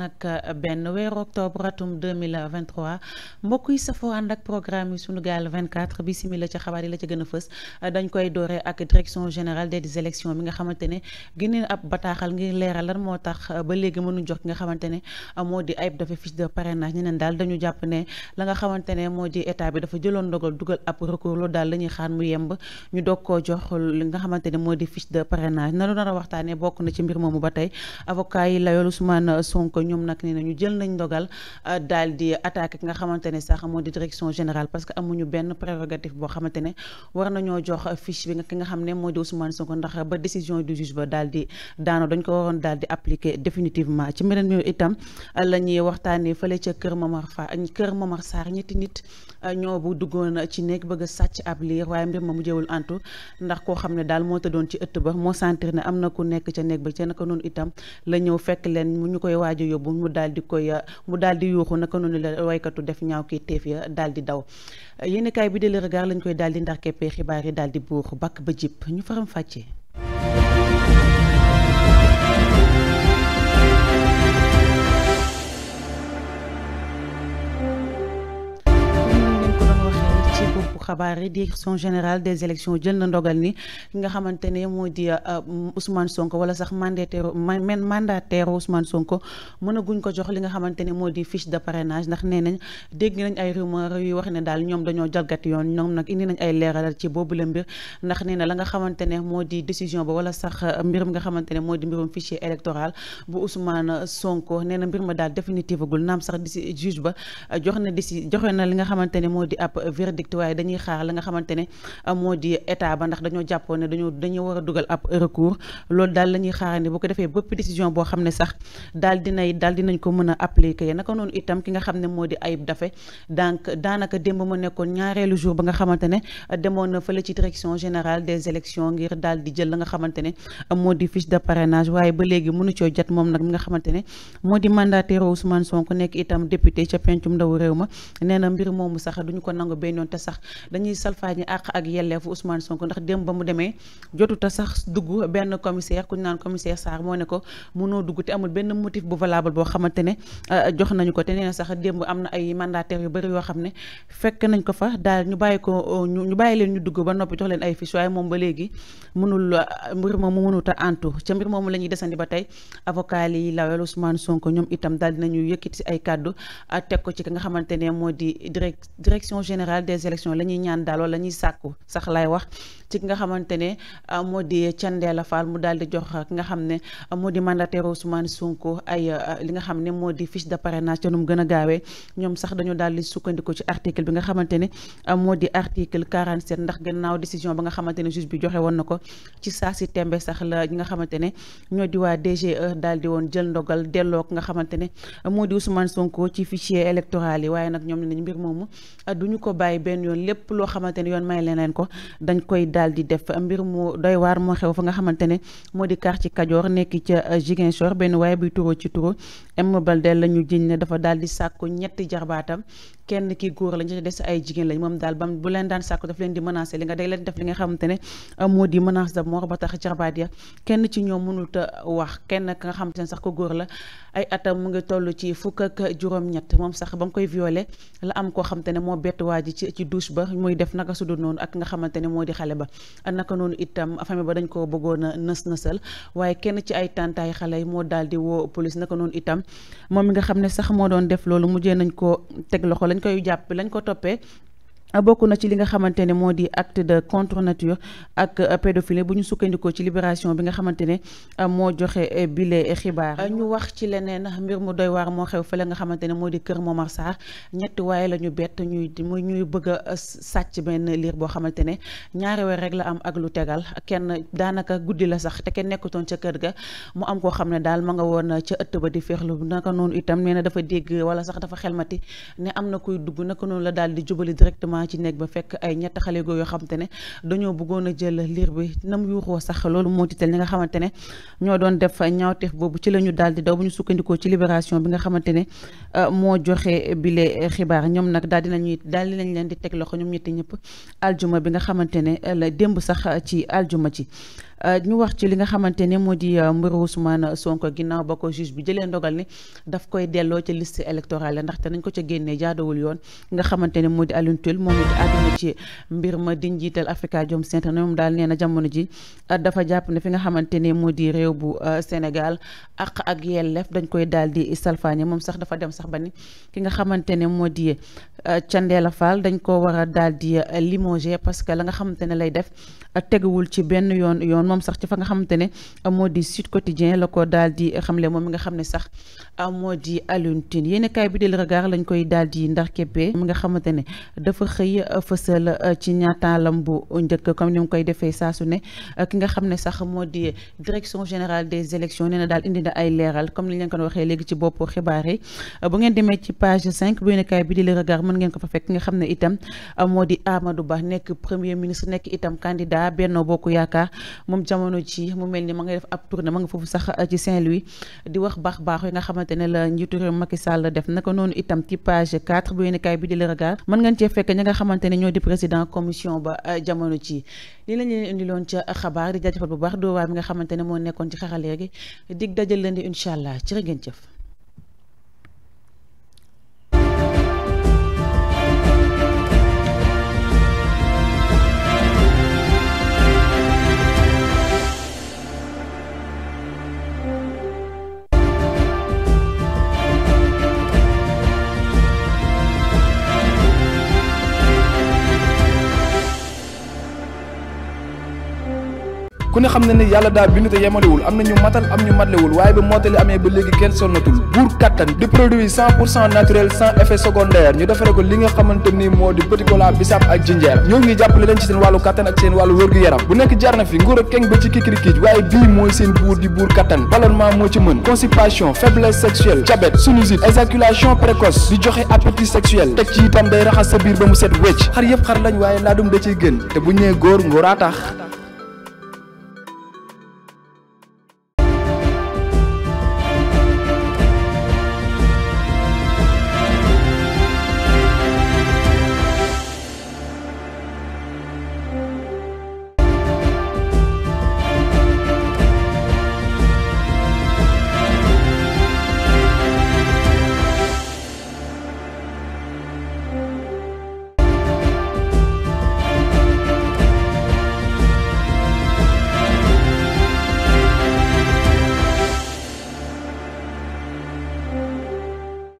fukkoon ak eh, benn weeru octobre atum 2023 mbokk yi safoo ànd ak programme yi Sunugal 24 bi simila ci xabaar yi la ca gën a fës eh, dañ koy doore ak direction de des élections bi nga xamante ne génne ab bataaxal ngir leeral lan moo tax eh, ba léegi mënuñ jox ki nga xamante ne moo di ayib dafa fiche de parrainage ñeneen daal dañu jàpp ne la nga xamante ne moo di état bi dafa jëloon ndogal dugal ab recours loolu daal la ñuy xaar mu yemb ñu doog koo jox li nga xamante ne moo di fiche de parrainage na nar a waxtaanee bokk na ci mbir moomu ba tey avocat yi ñoom nag nee nañu jël nañ ndogal euh, daal di attaqué ki nga xamante ne sax moo di direction générale parce que amuñu benn prérogative boo xamante war nañoo jox fiche bi nga ki nga xam ne moo di Ousmane Sonko ndax ba décision du juge ba daal di daano dañ ko waroon daal di appliqué définitivement ci meneen mi itam euh, la ñuy waxtaanee fële ca kër Momar Fa euh, kër Momar Sarr ñoo bu duggoon ci néeg bëgg sàcc ab liir waaye mbir ma mu jëwul ndax koo xam ne daal moo tëddoon ci ëtt ba moo sentir na ku nekk ca ba ca naka noonu itam la ñëw fekk leen mu bu mu daal di koy mu daal di yuuxu naka noonu la waykatu def ñaaw kii teef ya daal di daw yéenekaay bi de gaar Regard lañ koy daal di ndax keppee xibaar yi daal di buux bakk ba jip ñu faram fàccee xabaar yi direction générale des élections jël na ndogal ni ki nga xamante ne moo di euh, euh, Ousmane Sonko wala sax mandataire man ko jox li nga xamante ne moo di fiche de parrainage ndax nee nañ dégg nañ ay rumeur yu wax ne daal ñoom dañoo jalgati yoon ñoom nag indi nañ ay leeralal ci boobu la mbir ndax nee na la nga xamante ne moo di décision ba wala sax euh, mbirum nga xamante ne moo di mbirum fichier électoral bu Ousmane Sonko nee na mbir ma daal définitive agul naam sax juge ba jox na di joxe na li nga xamante moo di ab verdict waaye dañuy xaar la nga xamante ne euh, moo di état ba ndax dañoo jàppoon ne a dugal ab recours loolu ko defee bépp décision boo xam ne sax daal ki nga xam ne moo di Ayib Daffé donc daanaka démb ma nekkoon ñaareelu jour ba nga xamante ne demoon na fële ci direction générale des élections ngir daal di jël la nga xamante ne moo di fiche de parrainage waaye ba léegi mënu coo jot moom nag mi nga xamante moo di mandataire Ousmane Sonko nekk itam député ca pencum ndaw réew ma nee na mbir moomu sax duñu ko nangu benn yoon te sax dañuy salfaañi àq ak yelleefu Ousmane Sonko ndax démb ba mu demee jotuta sax dugg benn commissaire ku ñu naan commissaire Sarr moo ne ko mënoo dugg te amul benn motif bu valable boo xamante ne euh, jox nañu ko te nee na sax démb am na ay mandataires yu bëri yoo xam ne fekk nañ ko fa daal ñu bàyyi ko euh, ñu bàyyi leen ñu dugg ba noppi jox leen ay fiches waaye moom ba léegi mënul euh, mbir moom mu mënut a antu ca mbir moom la ñuy desandi ba tey avocat yi lawel Ousmane Sonko ñoom itam daal dinañu yëkkati ay kàddu teg ko ci ki nga xamante ne moo di direct direction générale des ñaan daal wala ñuy sàkku sax lay wax ci ki nga xamante ne euh, moo di Thiendella Fall mu daal di jox nga xam ne euh, moo di mandataire Ousmane Sonko ay euh, li nga xam ne moo di fiche de parrainage ca nu mu gën a gaawee ñoom sax dañu daal di sukkandiku ci article bi nga xamante ne moo di article 47 ndax gannaaw décision ba nga xamante ne juge bi joxe woon na ko ci saa si tembe sax la ñi nga xamante ne ñoo di waa DGE daal di woon jël ndogal delloo ki nga xamante ne moo di Ousmane Sonko ci fichier électoral yi waaye nag ñoom ne nañ mbir moomu duñu ko bàyyi benn yoon lépp lépp loo xamante ne yoon may leneen ko dañ koy daal di def mbir mu doy waar moo xew fa nga xamante ne moo di ci Kajoor nekk ca euh, Ziguinchor benn waaye buy turoo ci turo M Baldé la ñu jiñ ne dafa daal di sàkku ñetti jarbaatam kenn ki góor lañ ca des ay jigéen lañ moom daal bam bu leen daan sàkku daf leen di menacer li nga day leen def li nga xamante euh, moo di menace ba a ko góor la ak koo xamante ne moo bett waa ji ci ci douche ba muy def naka su dul noonu ak nga xamante ne moo di xale ba naka noonu itam famille ba dañ koo bëggoon a nës nësal waaye kenn ci ay tàntaay xale yi moo daal di woo police naka noonu itam moom mi nga xam ne sax moo doon def loolu mujjee nañ ko teg loxo lañ dañ koy jàpp lañ ko toppee bokk na ci li nga xamante ne moo di acte de contre nature ak pédophilie bu ñu sukkandikoo ci libération bi nga xamante ne euh, moo joxe euh, bile xibaar euh, ñu wax ci leneen mbir mu doy waar moo xew fële nga xamante ne moo di kër Momar Sarr ñetti waaye la ñu bett ñuy ñuy bëgg a sàcc benn liir boo xamante ne ñaari weer rek la am ak lu tegal kenn daanaka guddi la sax te kenn nekkutoon ca kër ga mu am koo xam ne daal ma nga woon ca ëtt ba di féexlu naka noonu itam nee na dafa dégg wala sax dafa xelmati ne am na kuy dugg naka noonu la daal di jubali directement directement ci néeg ba fekk ay ñett xale goo yoo xamante ne dañoo bëggoon a jël liir bi nam yuuxoo sax loolu moo tiital ñi nga xamante ne ñoo doon def ñaawteef boobu ci la ñu daal di daw bu ñu sukkandikoo ci libération bi nga xamante ne euh, moo joxe bile xibaar ñoom nag daal dinañuy daal dinañ leen di teg loxo ñoom ñetti ñëpp aljuma bi nga xamante ne euh, la démb sax ci aljuma ci Euh, ñu wax ci li nga xamante ne moo di euh, mbiru Ousmane Sonko ginnaaw ba ko juge bi jëlee ndogal ni daf koy delloo ca liste électorale ndaxte nañ ko ca génnee jaadawul yoon nga xamante ne moo di Alioune moom ci mbir ma di njiital Afrikajom Center moom daal nee na jamono ji euh, dafa jàpp ne fi nga xamante ne moo di réew bu Sénégal ak ak yellef dañ koy daal di salfaañe moom sax dafa dem sax ba ni ki nga xamante ne moo di Thiendella Fall dañ ko war a daal di limogé parce que la nga xamante ne lay def teguwul ci benn yoon yoon moom sax ci fa nga xamante ne moo di Sud Quotidien la ko daal di xamle moom mi nga xam ne sax moo di Alioune Tine yéen kaay bi di Le Regard lañ koy daal di ndax képpee mi nga xamante ne dafa xëy fësal ci ñaataalam bu njëkk comme ni mu koy defee saa su ne ki nga xam ne sax moo di direction générale des élections nee na daal indi na ay leeral comme ni leen ko waxee léegi ci boppu xibaar yi bu ngeen demee ci page cinq bu yéen bi di Le Regard mën ngeen ko fa fekk ki xam ne itam moo di Amadou Ba nekk premier ministre nekk itam candidat Benno Bokk Yaakaar moom moom jamono ci mu mel ni ma nga def ab tournée ma nga foofu sax ci Saint-Louis di wax baax baax yi nga xamante ne la njiitu réew Macky Sall def naka noonu itam ci page 4 bu yéenekaay bi di Le Regard mën nga cee fekk ñi nga xamante ne ñoo di président commission ba euh, jamono ci lii la leen indiloon ca xabaar di jaajëfal bu baax doo waa bi nga xamante ne moo nekkoon ci xarale gi dig dajal leen di incha allah ci ngeen jëf ku ne xam na ni yàlla daal bindu te yemalewul am na ñu matal am ñu matlewul waaye ba mottali amee ba léegi kenn sonnatul buur kattan di produit cent pour cent naturel sans effet secondaire ñu defare ko li nga xamante ni moo di petit cola bisaab ak jinjeer ñoo ngi jàppale leen ci seen wàllu kattan ak seen wàllu wërgu yaram bu nekk jarna fi nguur ak keng ba ci kikirikiij waaye bii mooy seen buur di buur kattan ballonnement moo ci mën constipation sa biir ba mu set wecc xar yëpp xar lañ